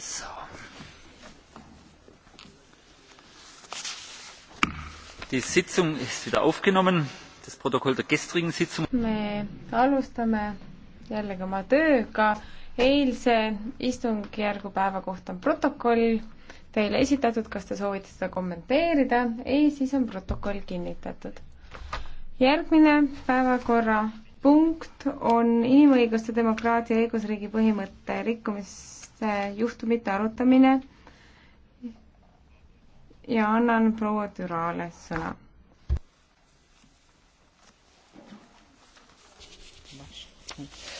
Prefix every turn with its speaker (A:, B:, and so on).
A: So.
B: Die Sitzung ist wieder aufgenommen. Das Protokoll der gestrigen Sitzung.
C: Me alustame jällegi oma tööga. Eilse istungjärgu päeva kohta on protokoll teile esitatud. Kas te soovite seda kommenteerida? Ei, siis on protokoll kinnitatud. Järgmine päevakorra punkt on inimõiguste, demokraatia ja õigusriigi põhimõtte rikkumiste juhtumite arutamine ja annan proua Türale sõna.
D: Thank you.